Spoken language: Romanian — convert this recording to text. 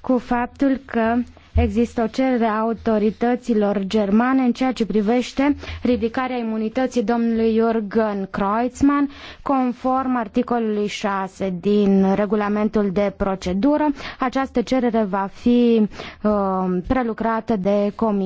cu faptul că există o cerere a autorităților germane în ceea ce privește ridicarea imunității domnului Jürgen Kreutzmann, conform articolului 6 din regulamentul de procedură. Această cerere va fi uh, prelucrată de comisie.